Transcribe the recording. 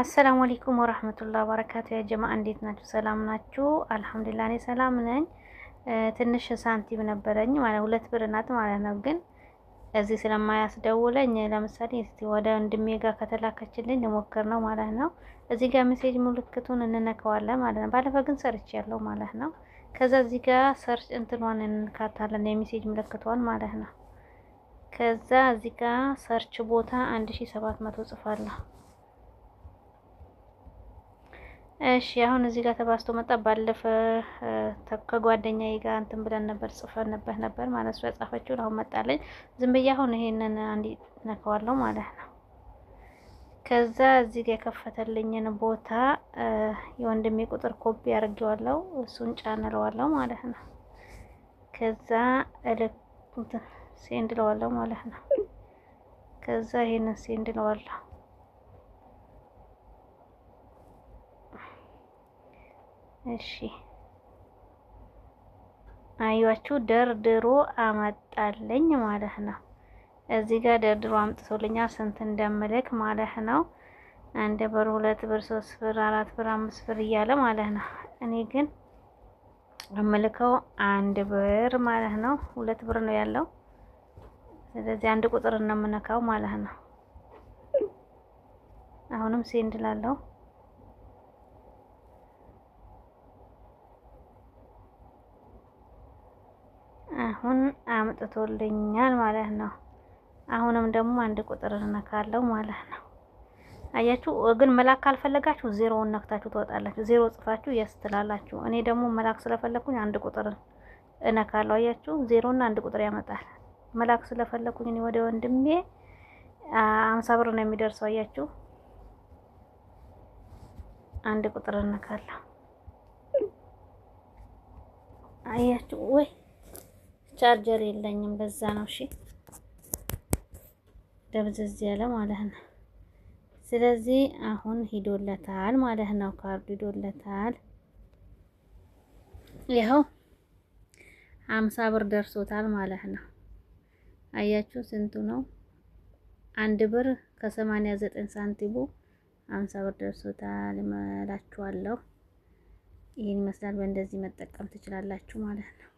አሰላሙ አለይኩም ወራህመቱላሂ ወበረካቱ። ያ ጀማ እንዴት ናችሁ? ሰላም ናችሁ? አልሐምዱሊላህ እኔ ሰላም ነኝ። ትንሽ ሳንቲም ነበረኝ ማለት ሁለት ብር ናት ማለት ነው። ግን እዚህ ስለማያስደውለኝ ለምሳሌ እስቲ ወደ ወንድሜ ጋር ከተላከችልኝ ልሞክር ነው ማለት ነው። እዚህ ጋር ሜሴጅ ምልክቱን እንነከዋለን ማለት ነው። ባለፈ ግን ሰርች ያለው ማለት ነው። ከዛ እዚህ ጋር ሰርች እንትኗን እንካታለን የሜሴጅ ምልክቷን ማለት ነው። ከዛ እዚህ ጋር ሰርች ቦታ 1700 ጽፋለሁ እሺ አሁን እዚህ ጋር ተባስቶ መጣ። ባለፈ ከጓደኛዬ ጋር እንትን ብለን ነበር ጽፈን ነበር ነበር ማለት ነው ያጻፈችውን አሁን መጣለኝ። ዝም ብዬ አሁን ይሄንን አንድ ነካዋለሁ ማለት ነው። ከዛ እዚህ ጋር የከፈተልኝን ቦታ የወንድሜ ቁጥር ኮፒ አድርጌዋለሁ። እሱን ጫን ማለት ነው። ከዛ ሴንድ ሴንድለዋለሁ ማለት ነው። ከዛ ይሄንን ሴንድለዋለሁ እሺ አያችሁ ደርድሮ አመጣልኝ ማለት ነው። እዚህ ጋር ደርድሮ አምጥቶልኛል ስንት እንደምልክ ማለት ነው። አንድ ብር፣ ሁለት ብር፣ ሶስት ብር፣ አራት ብር፣ አምስት ብር እያለ ማለት ነው። እኔ ግን የምልከው አንድ ብር ማለት ነው። ሁለት ብር ነው ያለው። ስለዚህ አንድ ቁጥር ነው ማለት ነው። አሁንም ሴንድ ላለው አሁን አምጥቶልኛል ማለት ነው። አሁንም ደግሞ አንድ ቁጥር እነካለው ማለት ነው። አያችሁ ግን መላክ ካልፈለጋችሁ ዜሮውን ነክታችሁ ትወጣላችሁ። ዜሮ ጽፋችሁ የስ ትላላችሁ እኔ ደግሞ መላክ ስለፈለኩኝ አንድ ቁጥር እነካለው። አያችሁ ዜሮና አንድ ቁጥር ያመጣል። መላክ ስለፈለኩኝ እኔ ወደ ወንድሜ አምሳ ብር ነው የሚደርሰው። አያችሁ አንድ ቁጥር እነካለሁ። አያችሁ ወይ ቻርጀር የለኝም። በዛ ነው እሺ፣ ደብዘዝ ያለ ማለት ነው። ስለዚህ አሁን ሂዶለታል ማለት ነው። ካርዱ ሂዶለታል። ይኸው አምሳ ብር ደርሶታል ማለት ነው። አያችሁ ስንቱ ነው? አንድ ብር ከሰማንያ ዘጠኝ ሳንቲሙ አምሳ ብር ደርሶታል እላችኋለሁ። ይህን ይመስላል። በእንደዚህ መጠቀም ትችላላችሁ ማለት ነው።